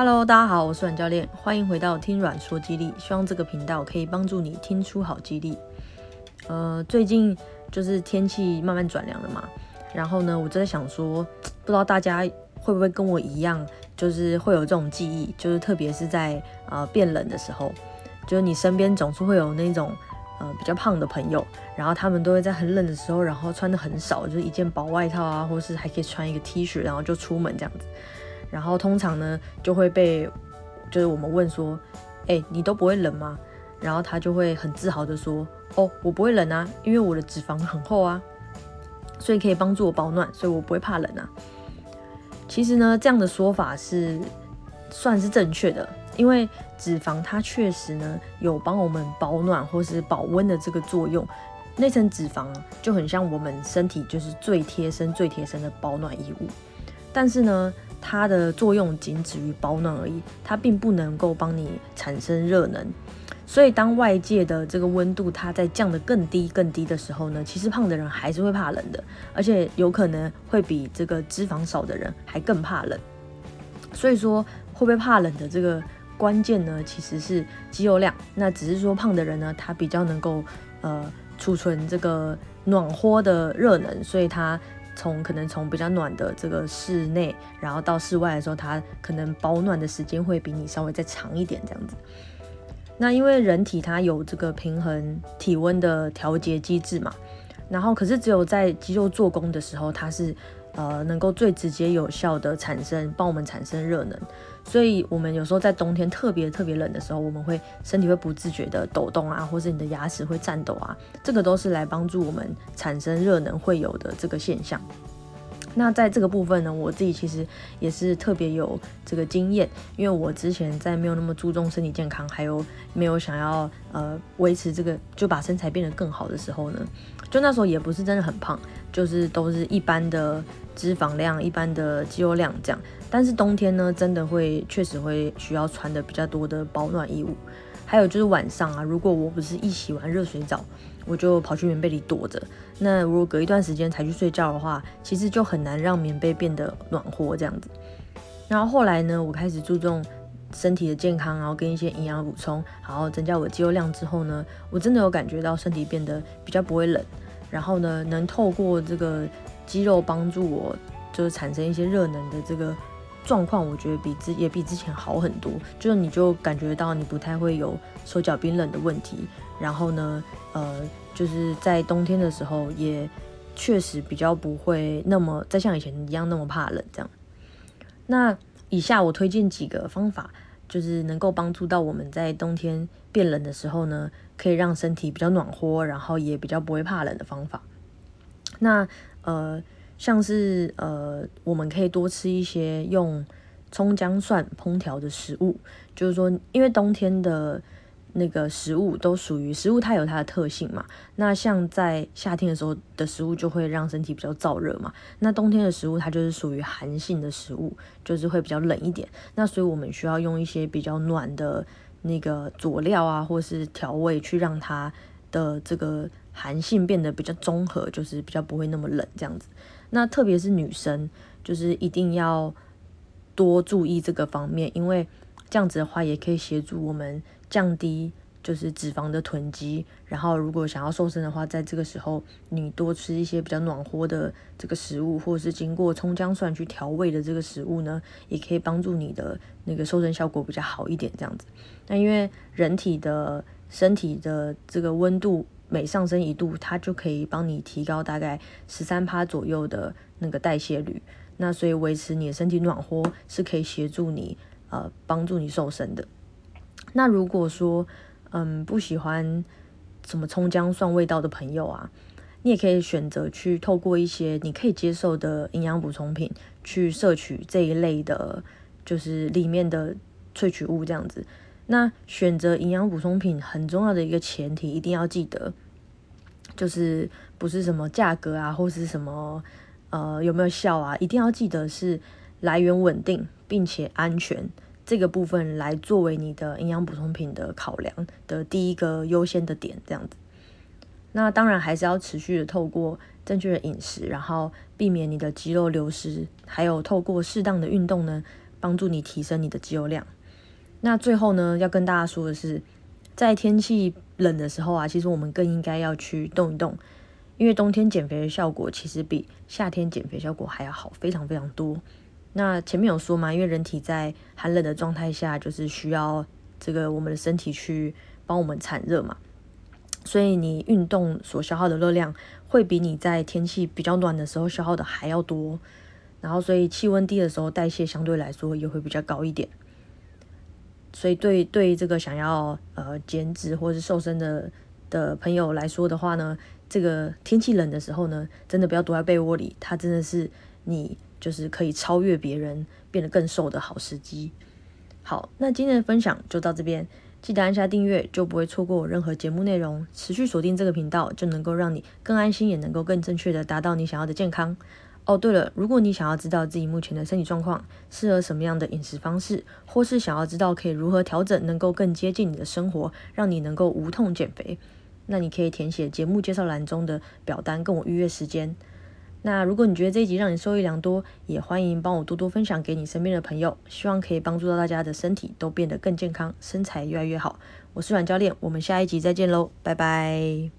Hello，大家好，我是阮教練，歡迎回到聽阮說激勵。希望這個頻道可以幫助你聽出好激勵。呃，最近就是天氣慢慢轉涼了嘛，然後呢，我正在想說，不知道大家會不會跟我一樣，就是會有這種記憶，就是特別是在啊、呃、變冷的時候，就是你身邊總是會有那種呃比較胖的朋友，然後他們都會在很冷的時候，然後穿得很少，就是一件薄外套啊，或是還可以穿一個 T 恤，然後就出門這樣子。然後通常呢，就會被，就是我們問說，哎、欸，你都不會冷嗎？然後他就會很自豪的說，哦，我不會冷啊，因為我的脂肪很厚啊，所以可以幫助我保暖，所以我不會怕冷啊。其實呢，這樣的說法是算是正確的，因為脂肪它確實呢有幫我們保暖或是保溫的這個作用，那層脂肪就很像我們身體就是最貼身、最貼身的保暖衣物，但是呢。它的作用僅止於保暖而已，它並不能夠幫你產生熱能。所以當外界的這個溫度它在降得更低更低的時候呢，其實胖的人還是會怕冷的，而且有可能會比這個脂肪少的人還更怕冷。所以說會不會怕冷的這個關鍵呢，其實是肌肉量。那只是說胖的人呢，他比較能夠呃儲存這個暖和的熱能，所以他。從可能從比較暖的這個室內，然後到室外的時候，它可能保暖的時間會比你稍微再長一點，這樣子。那因為人體它有這個平衡體溫的調節機制嘛，然後可是只有在肌肉做工的時候，它是。呃，能夠最直接有效的產生，幫我們產生熱能，所以我們有時候在冬天特別特別冷的時候，我們會身體會不自覺的抖動啊，或者你的牙齒會顫抖啊，這個都是來幫助我們產生熱能會有的這個現象。那在這個部分呢，我自己其實也是特別有這個經驗，因為我之前在沒有那麼注重身體健康，還有沒有想要呃維持這個就把身材變得更好的時候呢，就那時候也不是真的很胖，就是都是一般的脂肪量，一般的肌肉量這樣。但是冬天呢，真的會確實會需要穿的比較多的保暖衣物，還有就是晚上啊，如果我不是一洗完熱水澡。我就跑去棉被裡躲着。那如果隔一段時間才去睡覺的話，其實就很難讓棉被變得暖和這樣子。然後後來呢，我開始注重身體的健康，然後跟一些營養補充，然後增加我的肌肉量之後呢，我真的有感覺到身體變得比較不會冷，然後呢，能透過這個肌肉幫助我就是產生一些熱能的這個狀況，我覺得比之也比之前好很多。就是你就感覺到你不太會有手腳冰冷的問題。然後呢，呃，就是在冬天的時候，也確實比較不會那麼再像以前一樣那麼怕冷這樣。那以下我推薦幾個方法，就是能夠幫助到我們在冬天變冷的時候呢，可以讓身體比較暖和，然後也比較不會怕冷的方法。那呃，像是呃，我們可以多吃一些用蔥薑蒜烹調的食物，就是說，因為冬天的。那個食物都屬於食物，它有它的特性嘛。那像在夏天的時候的食物，就會讓身體比較燥熱嘛。那冬天的食物，它就是屬於寒性的食物，就是會比較冷一點。那所以我們需要用一些比較暖的那個佐料啊，或是調味，去讓它的這個寒性變得比較中和，就是比較不會那麼冷這樣子。那特別是女生，就是一定要多注意這個方面，因為。這樣子的話，也可以協助我們降低就是脂肪的囤積。然後，如果想要瘦身的話，在這個時候，你多吃一些比較暖和的這個食物，或者是經過蔥薑蒜去調味的這個食物呢，也可以幫助你的那個瘦身效果比較好一點。這樣子，那因為人體的身體的這個溫度每上升一度，它就可以幫你提高大概十三趴左右的那個代謝率。那所以，維持你的身體暖和是可以協助你。呃，幫助你瘦身的。那如果說，嗯，不喜歡什麼蔥薑蒜味道的朋友啊，你也可以選擇去透過一些你可以接受的營養補充品去攝取這一類的，就是裡面的萃取物這樣子。那選擇營養補充品很重要的一個前提，一定要記得，就是不是什麼價格啊，或是什麼，呃，有沒有效啊，一定要記得是。來源穩定，並且安全。這個部分來作為你的營養補充品的考量的第一個優先的點，這樣子。那當然還是要持續的透過正確的飲食，然後避免你的肌肉流失，還有透過適當的運動呢，幫助你提升你的肌肉量。那最後呢，要跟大家說的是，在天氣冷的時候啊，其實我們更應該要去動一動，因為冬天減肥的效果其實比夏天減肥效果還要好，非常非常多。那前面有說嘛，因為人體在寒冷的狀態下，就是需要這個我們的身體去幫我們產熱嘛，所以你運動所消耗的熱量會比你在天氣比較暖的時候消耗的還要多，然後所以氣溫低的時候代謝相對來說也會比較高一點，所以對對這個想要呃減脂或是瘦身的的朋友來說的話呢，這個天氣冷的時候呢，真的不要躲在被窩裡，它真的是你，就是可以超越別人變得更瘦的好時機。好，那今天的分享就到這邊，記得按下訂閱，就不會錯過我任何節目內容。持續鎖定這個頻道，就能夠讓你更安心，也能夠更正確的達到你想要的健康。哦，對了，如果你想要知道自己目前的身體狀況，適合什麼樣的飲食方式，或是想要知道可以如何調整，能夠更接近你的生活，讓你能夠無痛減肥，那你可以填寫節目介紹欄中的表單，跟我預約時間。那如果你覺得這一集讓你受益良多，也歡迎幫我多多分享給你身邊的朋友，希望可以幫助到大家的身體都變得更健康，身材越來越好。我是阮教練，我們下一集再見嘍，拜拜。